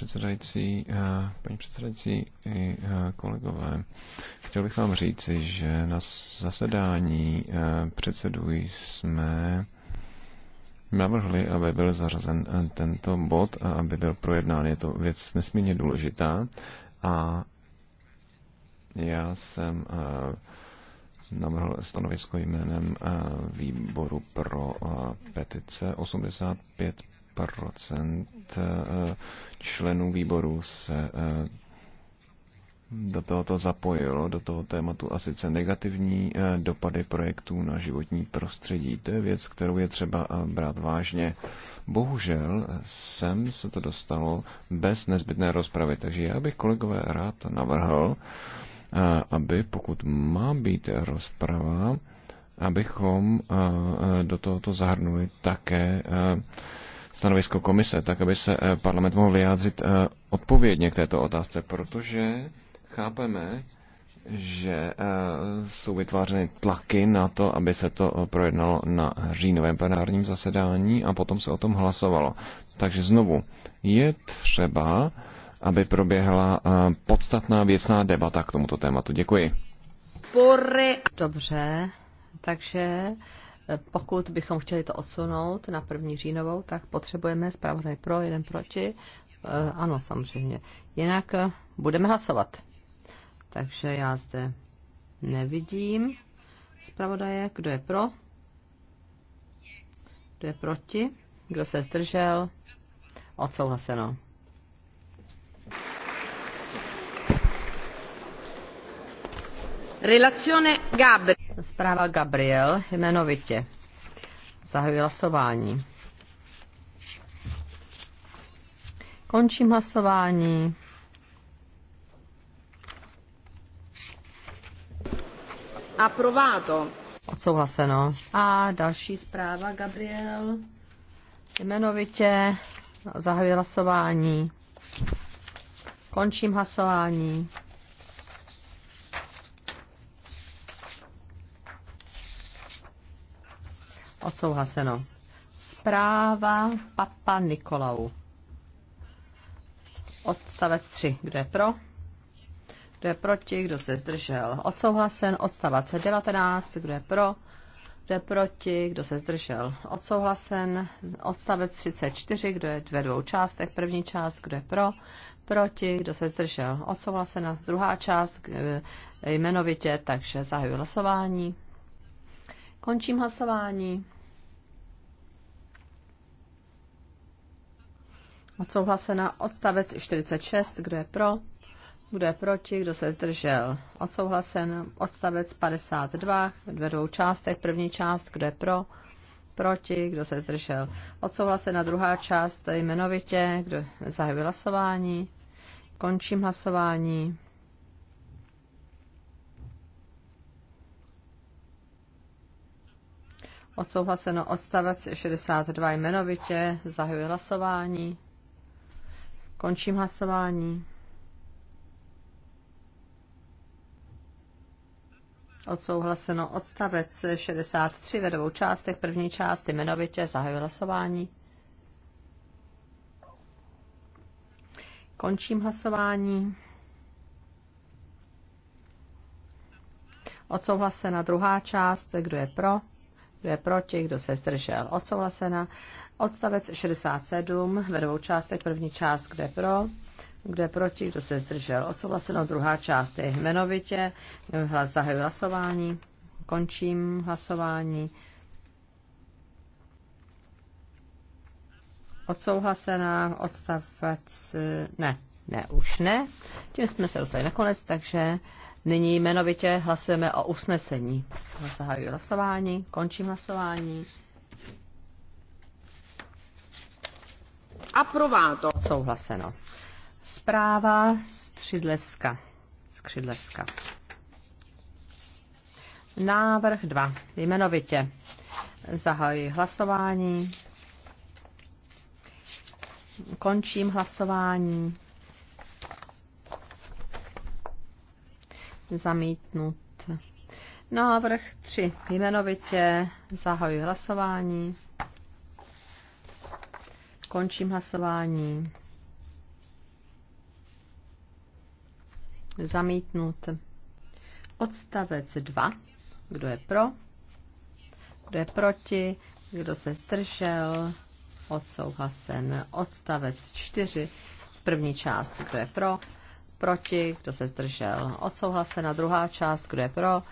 předsedající, eh, paní předsedající i eh, kolegové. Chtěl bych vám říci, že na zasedání eh, předsedů jsme navrhli, aby byl zařazen tento bod a aby byl projednán. Je to věc nesmírně důležitá a já jsem navrhl stanovisko jménem výboru pro petice 85 Eh, členů výboru se eh, do tohoto zapojilo, do toho tématu, a sice negativní eh, dopady projektů na životní prostředí. To je věc, kterou je třeba brát vážně. Bohužel sem se to dostalo bez nezbytné rozpravy, takže já bych kolegové rád navrhl, aby pokud má být rozprava, abychom do tohoto zahrnuli také stanovisko komise, tak aby se eh, parlament mohl vyjádřit eh, odpovědně k této otázce, protože chápeme, že eh, jsou vytvářeny tlaky na to, aby se to projednalo na říjnovém plenárním zasedání a potom se o tom hlasovalo. Takže znovu, je třeba, aby proběhla podstatná věcná debata k tomuto tématu. Děkuji. Dobře, takže pokud bychom chtěli to odsunout na první říjnovou, tak potřebujeme zpravodaj pro, jeden proti. Eh, ano, samozřejmě. Jinak eh, budeme hlasovat. Takže já zde nevidím zpravodaje. Kdo je pro? Kdo je proti? Kdo se zdržel? Odsouhlaseno. Relazione Gabri. Zpráva Gabriel jmenovitě. Zahajuji hlasování. Končím hlasování. Aprovato. Odsouhlaseno. A další zpráva, Gabriel. Jmenovitě zahajuji hlasování. Končím hlasování. Odsouhlaseno. Zpráva Papa Nikolau. Odstavec 3. Kdo je pro? Kdo je proti? Kdo se zdržel? Odsouhlasen. Odstavec 19. Kdo je pro? Kdo je proti? Kdo se zdržel? Odsouhlasen. Odstavec 34. Kdo je ve dvou částech? První část. Kdo je pro? Proti? Kdo se zdržel? Odsouhlasena. Druhá část eh, jmenovitě, takže zahajuji hlasování. Končím hlasování. Odsouhlasena odstavec 46, kdo je pro, kdo je proti, kdo se zdržel. Odsouhlasen odstavec 52 ve dvou částech. První část, kdo je pro, proti, kdo se zdržel. Odsouhlasena druhá část jmenovitě, kdo zahajuje hlasování. Končím hlasování. Odsouhlaseno odstavec 62 jmenovitě. Zahajuji hlasování. Končím hlasování. Odsouhlaseno odstavec 63 ve dvou částech. První část jmenovitě. Zahajuji hlasování. Končím hlasování. Odsouhlasena druhá část. Kdo je pro? kdo je proti, kdo se zdržel. Odsouhlasena. Odstavec 67 ve dvou částech. První část, kde pro, kde je proti, kdo se zdržel. Odsouhlaseno. Druhá část je jmenovitě. Hlas, zahajuji hlasování. Končím hlasování. Odsouhlasena. odstavec... Ne, ne, už ne. Tím jsme se dostali nakonec, takže Nyní jmenovitě hlasujeme o usnesení. Zahajuji hlasování, končím hlasování. A to, Souhlaseno. Zpráva z Třidlevska. Z Křidlevska. Návrh 2. Jmenovitě. Zahajuji hlasování. Končím hlasování. zamítnut. Návrh 3. Jmenovitě zahajuji hlasování. Končím hlasování. Zamítnut. Odstavec 2. Kdo je pro? Kdo je proti? Kdo se zdržel? Odsouhlasen. Odstavec 4. První část. Kdo je pro? proti, kdo se zdržel. Odsouhlasena druhá část, kdo je pro,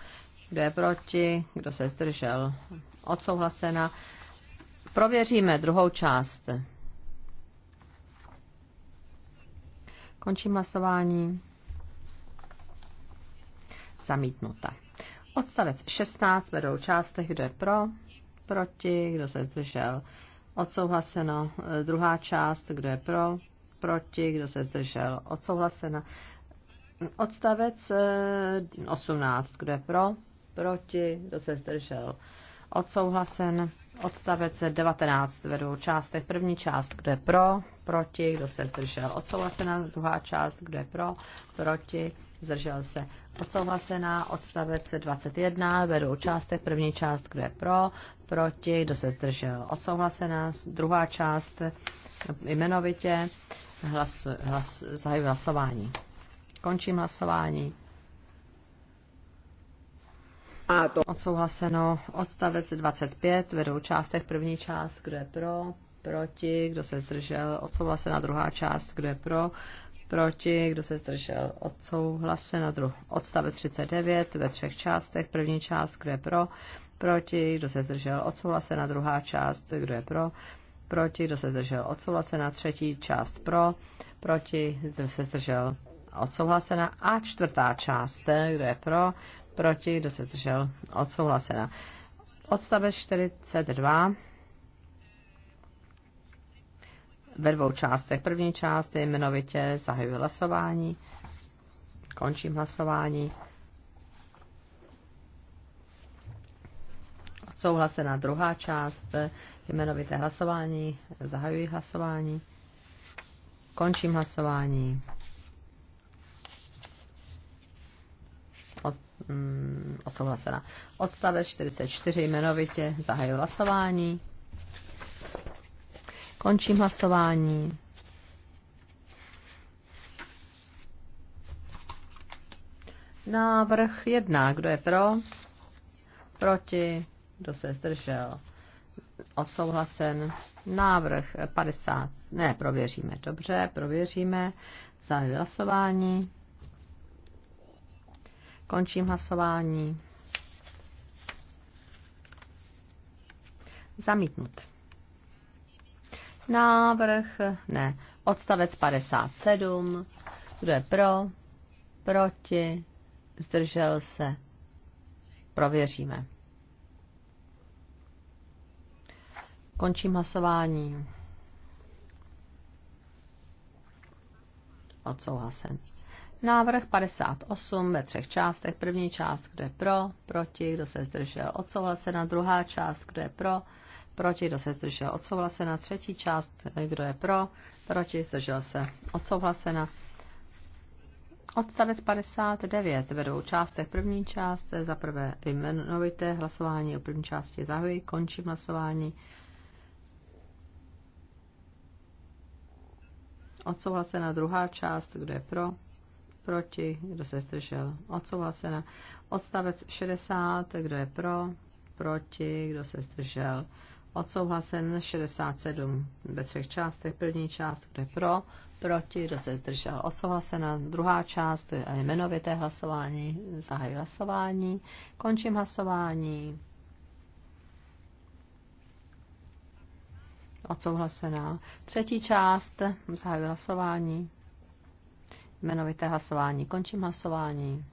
kdo je proti, kdo se zdržel. Odsouhlasena. Prověříme druhou část. Končím hlasování. Zamítnuta. Odstavec 16 vedou částech, kdo je pro, proti, kdo se zdržel. Odsouhlaseno. Druhá část, kdo je pro, proti, kdo se zdržel, odsouhlasena. Odstavec 18, eh, kdo je pro, proti, kdo se zdržel, odsouhlasen. Odstavec 19 ve dvou částech. První část, kdo je pro, proti, kdo se zdržel, odsouhlasena. Druhá část, kdo je pro, proti, zdržel se, odsouhlasená. Odstavec 21 ve dvou částech. První část, kdo je pro, proti, kdo se zdržel, odsouhlasená. Druhá část, jmenovitě. Hlas, hlas, zahajuji hlasování. Končím hlasování. A to. Odsouhlaseno odstavec 25 vedou částech. První část, kdo je pro, proti, kdo se zdržel, odsouhlasena druhá část, kdo je pro, proti, kdo se zdržel, odsouhlasena druh. Odstavec 39 ve třech částech. První část, kdo je pro, proti, kdo se zdržel, odsouhlasena druhá část, kdo je pro, proti, kdo se zdržel odsouhlasena, třetí část pro, proti, kdo se zdržel odsouhlasena a čtvrtá část, kdo je pro, proti, kdo se zdržel odsouhlasena. Odstavec 42 ve dvou částech. První část je jmenovitě zahajuji hlasování, končím hlasování. Odsouhlasena druhá část jmenovité hlasování. Zahajuji hlasování. Končím hlasování. Od, mm, odsouhlasena. Odstavec 44 jmenovitě. Zahajuji hlasování. Končím hlasování. Návrh 1. Kdo je pro? Proti? Kdo se zdržel? odsouhlasen návrh 50. Ne, prověříme. Dobře, prověříme. Zahajuji hlasování. Končím hlasování. Zamítnut. Návrh, ne, odstavec 57. Kdo je pro? Proti? Zdržel se? Prověříme. Končím hlasování. Odsouhlasen. Návrh 58 ve třech částech. První část, kdo je pro, proti, kdo se zdržel, odsouhlasena. Druhá část, kdo je pro, proti, kdo se zdržel, odsouhlasena. Třetí část, kdo je pro, proti, zdržel se, odsouhlasena. Odstavec 59 ve dvou částech. První část za prvé jmenovité hlasování o první části zahoji, končím hlasování. odsouhlasena. Druhá část, kdo je pro, proti, kdo se zdržel, odsouhlasena. Odstavec 60, kdo je pro, proti, kdo se zdržel, odsouhlasen 67 ve třech částech. První část, kdo je pro, proti, kdo se zdržel, odsouhlasena. Druhá část, je jmenovité hlasování, zahají hlasování, končím hlasování. odsouhlasená. Třetí část, zahajuji hlasování. Jmenovité hlasování. Končím hlasování.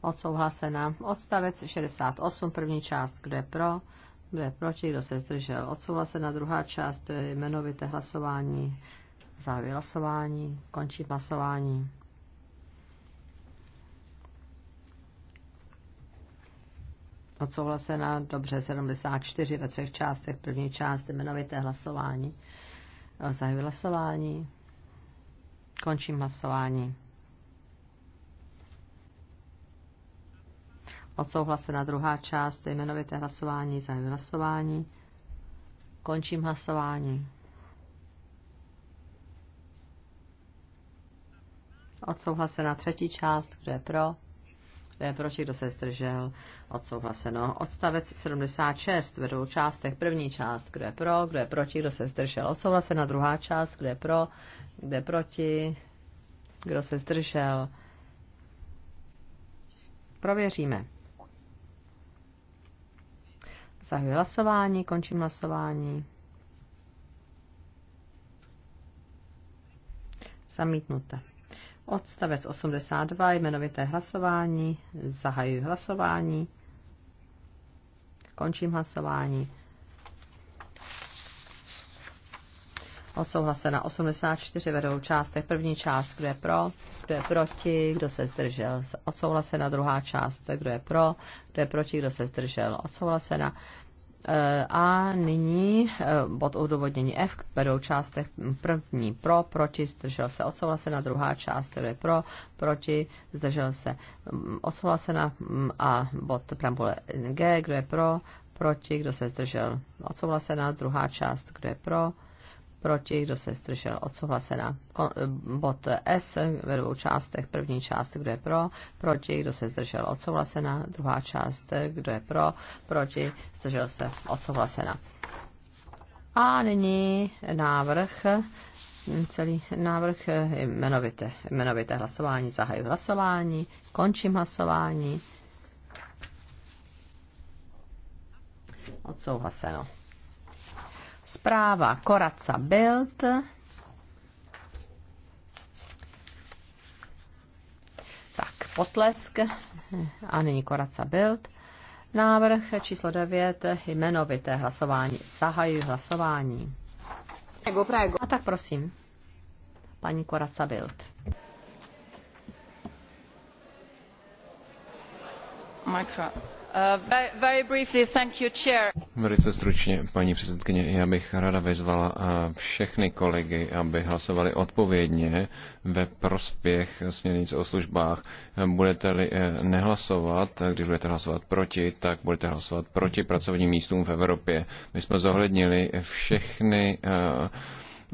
Odsouhlasená. Odstavec 68, první část. Kdo je pro? Kdo je proti? Kdo se zdržel? Odsouhlasená druhá část. To je jmenovité hlasování. Zahajuji hlasování. Končím hlasování. odsouhlasena, dobře, 74 ve třech částech, první část, jmenovité hlasování. Zahajuji hlasování. Končím hlasování. Odsouhlasena druhá část, jmenovité hlasování, zahajuji hlasování. Končím hlasování. Odsouhlasena třetí část, kdo je pro? kdo je proti, kdo se zdržel, odsouhlaseno. Odstavec 76 vedou částech. První část, kdo je pro, kdo je proti, kdo se zdržel, odsouhlaseno. Druhá část, kdo je pro, kdo je proti, kdo se zdržel. Prověříme. Zahajuji hlasování, končím hlasování. Zamítnuté. Odstavec 82, jmenovité hlasování, zahajuji hlasování, končím hlasování. Odsouhlasena 84 vedou částech. První část, kdo je pro, kdo je proti, kdo se zdržel. Odsouhlasena druhá část, kdo je pro, kdo je proti, kdo se zdržel. Odsouhlasena a nyní eh, bod odůvodnění F vedou částech první pro, proti, zdržel se odsouhlasena, druhá část je pro, proti, zdržel se mm, odsouhlasena mm, a bod preambule G, kdo je pro, proti, kdo se zdržel odsouhlasena, druhá část, kdo je pro, proti, kdo se zdržel, odsouhlasena. Eh, bod S ve dvou částech, první část, kdo je pro, proti, kdo se zdržel, odsouhlasena, druhá část, kdo je pro, proti, zdržel se, odsouhlasena. A nyní návrh, celý návrh eh, jmenovité, jmenovité hlasování, zahajuji hlasování, končím hlasování. Odsouhlaseno. Zpráva Koraca Bild. Tak, potlesk. A nyní Koraca Bild. Návrh číslo 9, jmenovité hlasování. Zahajuji hlasování. Prego, prego. A tak prosím, paní Koraca Bild. Micro. Uh, Velice stručně, paní předsedkyně, já bych ráda vyzvala uh, všechny kolegy, aby hlasovali odpovědně ve prospěch směrnice o službách. Budete-li uh, nehlasovat, když budete hlasovat proti, tak budete hlasovat proti pracovním místům v Evropě. My jsme zohlednili všechny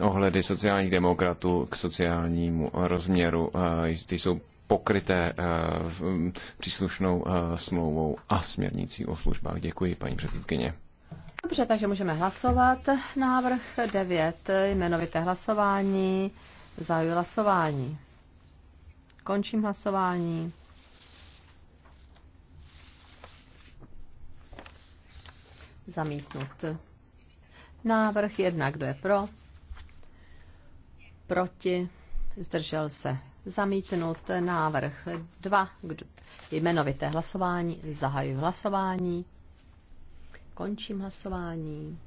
ohledy sociálních demokratů k sociálnímu rozměru. Ty jsou pokryté eh, mm, příslušnou eh, smlouvou a směrnicí o službách. Děkuji, paní předsedkyně. Dobře, takže můžeme hlasovat. Návrh 9, jmenovité hlasování, zájmu hlasování. Končím hlasování. Zamítnut. Návrh 1, kdo je pro? Proti? Zdržel se zamítnut návrh 2. Jmenovité hlasování. Zahajuji hlasování. Končím hlasování.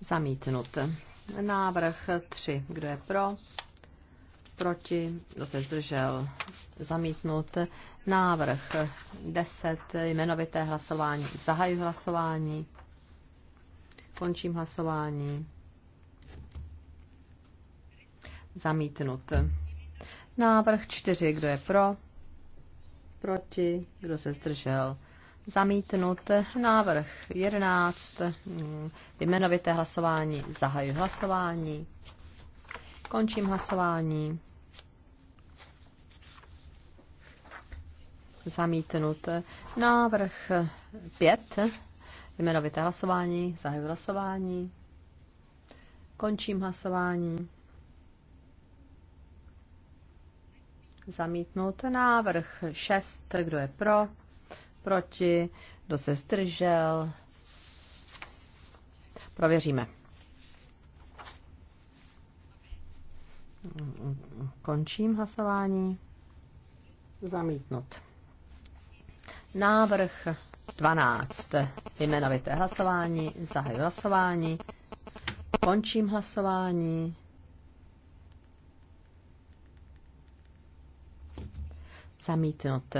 Zamítnut. Návrh 3. Kdo je pro? Proti? Kdo se zdržel? Zamítnut. Návrh 10. Jmenovité hlasování. Zahajuji hlasování. Končím hlasování. Zamítnut. Návrh 4. Kdo je pro? Proti? Kdo se zdržel? Zamítnut. Návrh 11. Mm, jmenovité hlasování. Zahajuji hlasování. Končím hlasování. Zamítnut. Návrh 5. Jmenovité hlasování. Zahajuji hlasování. Končím hlasování. Zamítnout návrh 6. Kdo je pro? Proti? Kdo se zdržel? Prověříme. Končím hlasování. Zamítnout. Návrh 12. Jmenovité hlasování. Zahaj hlasování. Končím hlasování. Zamítnut.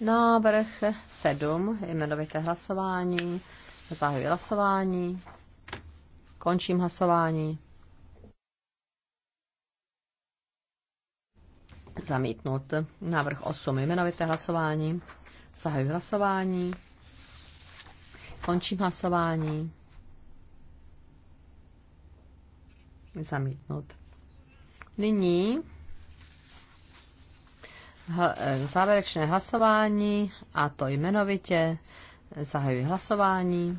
Návrh 7, jmenovité hlasování. Zahajuji hlasování. Končím hlasování. Zamítnut. Návrh 8, jmenovité hlasování. Zahajuji hlasování. Končím hlasování. zamítnout Nyní Eh, závěrečné hlasování a to jmenovitě. Zahajuji hlasování.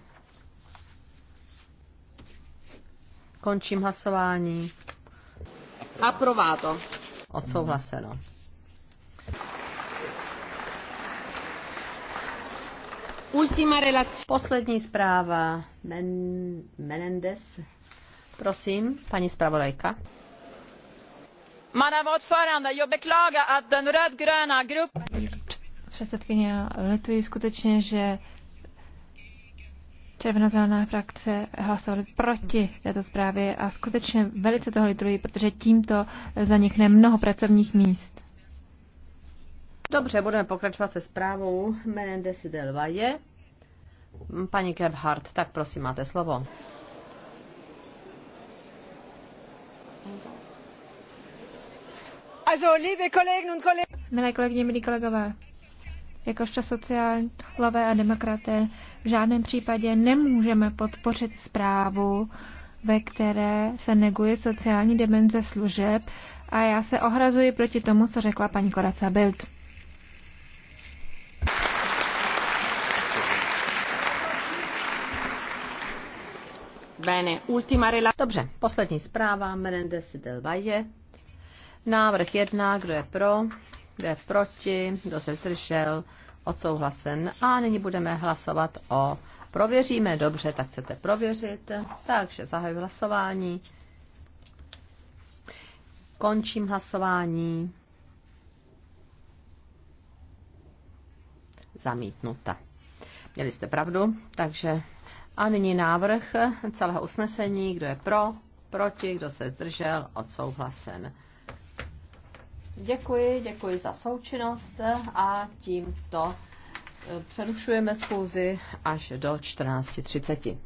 Končím hlasování. Aprováto. Odsouhlaseno. Ultima relace. Poslední zpráva Men- Menendez. Prosím, paní zpravodajka. Paní předsedkyně, lituji skutečně, že zelená frakce hlasovali proti této zprávě a skutečně velice toho lituji protože tímto zanikne mnoho pracovních míst. Dobře, budeme pokračovat se zprávou Menendez del Valle. Paní Kebhardt, tak prosím, máte slovo. Thank Milé kolegyně, milí kolegové, jakožto sociálové a demokraté v žádném případě nemůžeme podpořit zprávu, ve které se neguje sociální demenze služeb a já se ohrazuji proti tomu, co řekla paní Koraca Bild. Dobře, poslední zpráva Menendez del Valle. Návrh jedna, kdo je pro, kdo je proti, kdo se zdržel, odsouhlasen. A nyní budeme hlasovat o prověříme. Dobře, tak chcete prověřit. Takže zahajuji hlasování. Končím hlasování. Zamítnuta. Měli jste pravdu, takže a nyní návrh celého usnesení, kdo je pro, proti, kdo se zdržel, odsouhlasen. Děkuji, děkuji za součinnost a tímto eh, přerušujeme schůzi až do 14.30.